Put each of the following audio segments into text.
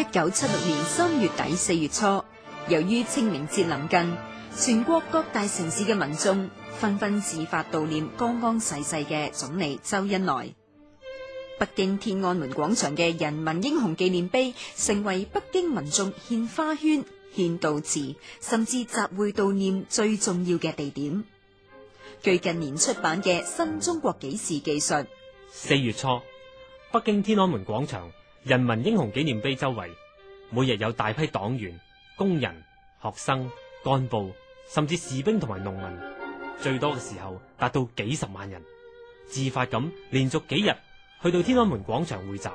一九七六年三月底四月初，由於清明節臨近，全國各大城市嘅民眾紛紛紛自發悼念剛剛逝世嘅總理周恩來。北京天安門廣場嘅人民英雄紀念碑成為北京民眾獻花圈、獻悼詞，甚至集會悼念最重要嘅地點。據近年出版嘅《新中國紀事》記述，四月初，北京天安門廣場。人民英雄紀念碑周圍，每日有大批黨員、工人、學生、幹部，甚至士兵同埋農民，最多嘅時候達到幾十萬人，自發咁連續幾日去到天安門廣場匯集。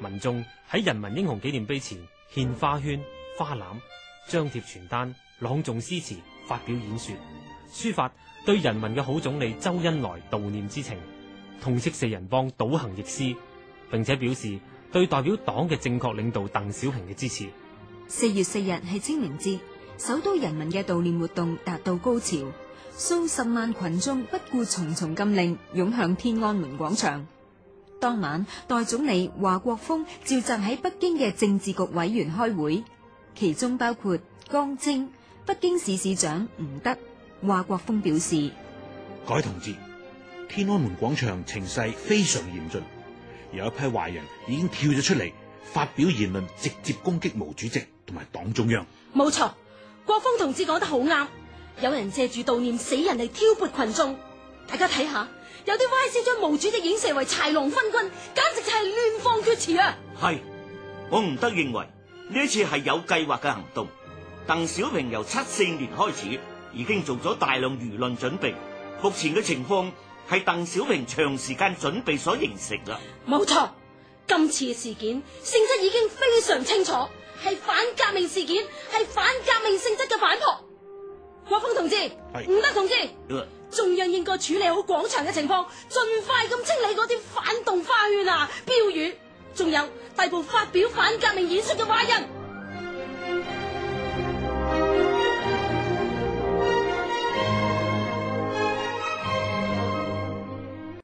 民眾喺人民英雄紀念碑前獻花圈、花籃，張貼傳單，朗誦詩詞，發表演說，抒發對人民嘅好總理周恩來悼念之情，痛斥四人幫倒行逆施，並且表示。對代表黨嘅正確領導鄧小平嘅支持。四月四日係清明節，首都人民嘅悼念活動達到高潮，數十萬群眾不顧重重禁令，湧向天安門廣場。當晚，代總理華國鋒召集喺北京嘅政治局委員開會，其中包括江青、北京市市長吳德。華國鋒表示：各位同志，天安門廣場情勢非常嚴峻。有一批壞人已經跳咗出嚟，發表言論，直接攻擊毛主席同埋黨中央。冇錯，國鋒同志講得好啱。有人借住悼念死人嚟挑撥群眾，大家睇下，有啲歪詩將毛主席影射為豺狼昏君，簡直就係亂放厥詞啊！係，我唔得認為呢一次係有計劃嘅行動。鄧小平由七四年開始，已經做咗大量輿論準備。目前嘅情況。係鄧小平長時間準備所形成啦。冇錯，今次事件性質已經非常清楚，係反革命事件，係反革命性質嘅反撲。國鋒同志，吳德是同志，中央應該處理好廣場嘅情況，盡快咁清理啲反動花圈啊、標語，仲有大步發表反革命演說嘅壞人。